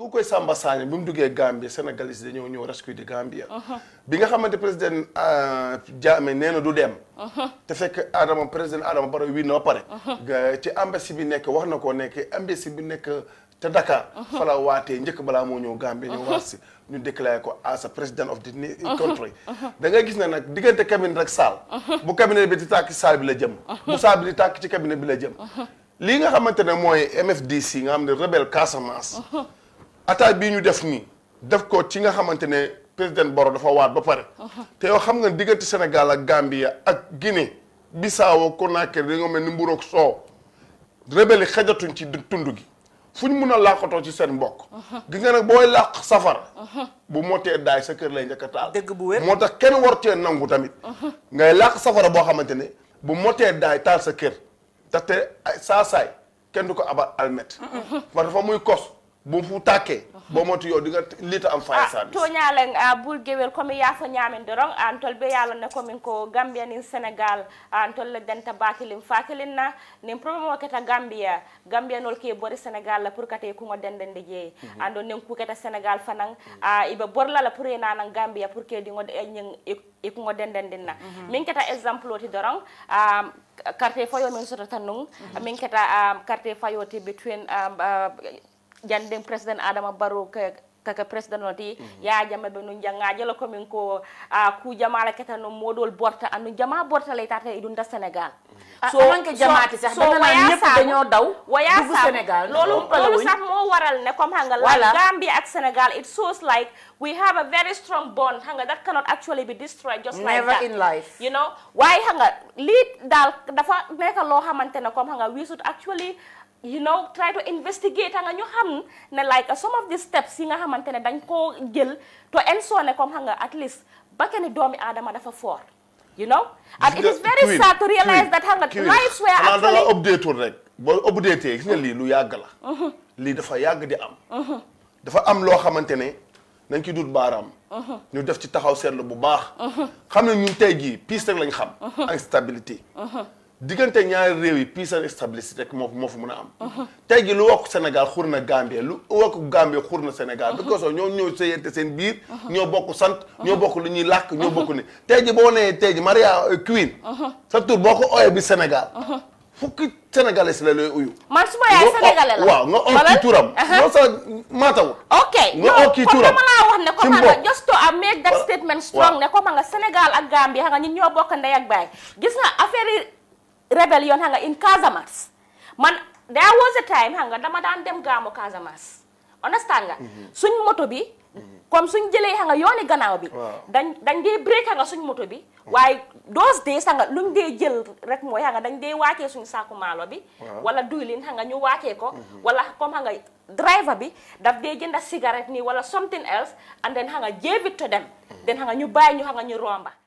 ku koy Samba Sagne bi mu duggee Gambie sénégalais dañu ñëw rescue de gambie bi nga xamante président Jammeh nee na du dem. te fekk Adama président Adama baro wii no paré ci embassy bi nekk wax na ko nekk embassy bi nekk. te Dakar fala waté waatee njëkk balaa moo ñëw Gambie ñu wax ñu déclaré ko as a president of the country da nga gis ne nag diggante cabinet rek sal bu cabinet bi di tàkk saal bi la jëm bu saal bi di ci cabinet bi la jëm lii nga xamante ne mooy MFDC nga xam ne rebelle Casamance attaque bii ñu def nii def ko ci nga xamante ne président Barrow dafa waat ba pare. te yow xam nga diggante Sénégal ak Gambia ak Guinée Bissau Conakry dañoo mel ni mburoog soow rebelle xajatuñ ci tund gi fu ñu mun a làqatoo ci seen mbokk. gi nga nag booy làq safara. bu motee daay sa kër lay njëkk taal. bu moo tax kenn war cee nangu tamit. ngay làq safara boo xamante ne bu motee daay taal sa kër. ndaxte ay saasaay kenn du ko abal almet. parce dafa muy kos. bu fu tàkkee bo motu yow di nga liita am fire ah, service toñalen ɓuur ah, gewel komi yaafa ñamen doron ah, an tol ɓe yaala ne komin ko gambia nin sénégal an tol leddanta bakilin fakilin na nin probléme o keta gambia gambianol ke bori sénégal la pour kate kuŋo dendende jeeyi mhm. an ɗo nin kuketa sénégal fanan iɓe borlala pour enanan gambia pour ke ɗiŋo ñin i kuŋo dendendin na mhm. min keta exemple oti doron quartier fayo min sotata nuŋ min keta quartier fayo ti between janden president adama barrow kaka president oti mm -hmm. ya jama be nun jangaje la komin ko a ku jama la keta no modol borta anu jama borta lay tata idun da senegal mhm. ah, so wanke jamaati sax na ñepp dañoo daw sa senegal lolu lolu sax mo waral ne comme hanga la gambia ak senegal it shows like we have a very strong bond hanga that cannot actually be destroyed just like that you know why hanga li dal dafa nekk lo xamantene comme hanga we should actually you know try to investigate a nga ñu xam ne like some of the steps si nga xamante ne dañ koo jël to ensure ne comme xam nga at least ba kenn doomi aadama dafa fort you know and it is very sad to realize da nga rek boo updatee gis nga lii lu yàgg la mm-hmm. lii dafa yàgg di am mm-hmm. dafa am loo xamante ne nañ ci dut baaraam mm-hmm. ñu def ci taxaw seetlu bu baax xam ne ñun tey jii piis rek lañ xam instabilité diggante ñaari réew yi peace and stability rek moo moo fa mën a am tey gi lu wokk Sénégal xur na Gambie lu wokk Gambie xur na senegal bi ko soo ñoo ñoo sëyante seen biir ñoo bokk sant ñoo bokk lu ñuy làkk ñoo bokk ni tey ji boo nee tey ji Maria euh, Queen sa tur boo ko ooyee bi Sénégal fukki sénégalais la lay uyu. man su ma yaay sénégalais la waaw nga oo turam. Uh-huh. non sa maataw. ok nga oo turam ne. ci mboq to uh, make that statement strong ne comme nga Sénégal ak Gambie xam nga ñoo bokk ndey baay gis rebellion xam nga in Casamance man there was a time xam nga dama daan dem gaamu Casamance understand nga. Mhm. suñ moto bi. Mhm. comme suñ jëlee xam nga yooni gannaaw bi. dañ dañ dee break xam suñ moto bi. Mhm. waaye those days xam nga luñ dee jël rek mooy xam dañ dee waacee suñ saaku maalo bi. wala duylin xam nga ñu waacee ko. wala comme xam nga driver bi daf dee jënda cigarette nii wala something else and then xam nga to dem. den xam nga ñu bàyyi ñu xam nga ñu romba.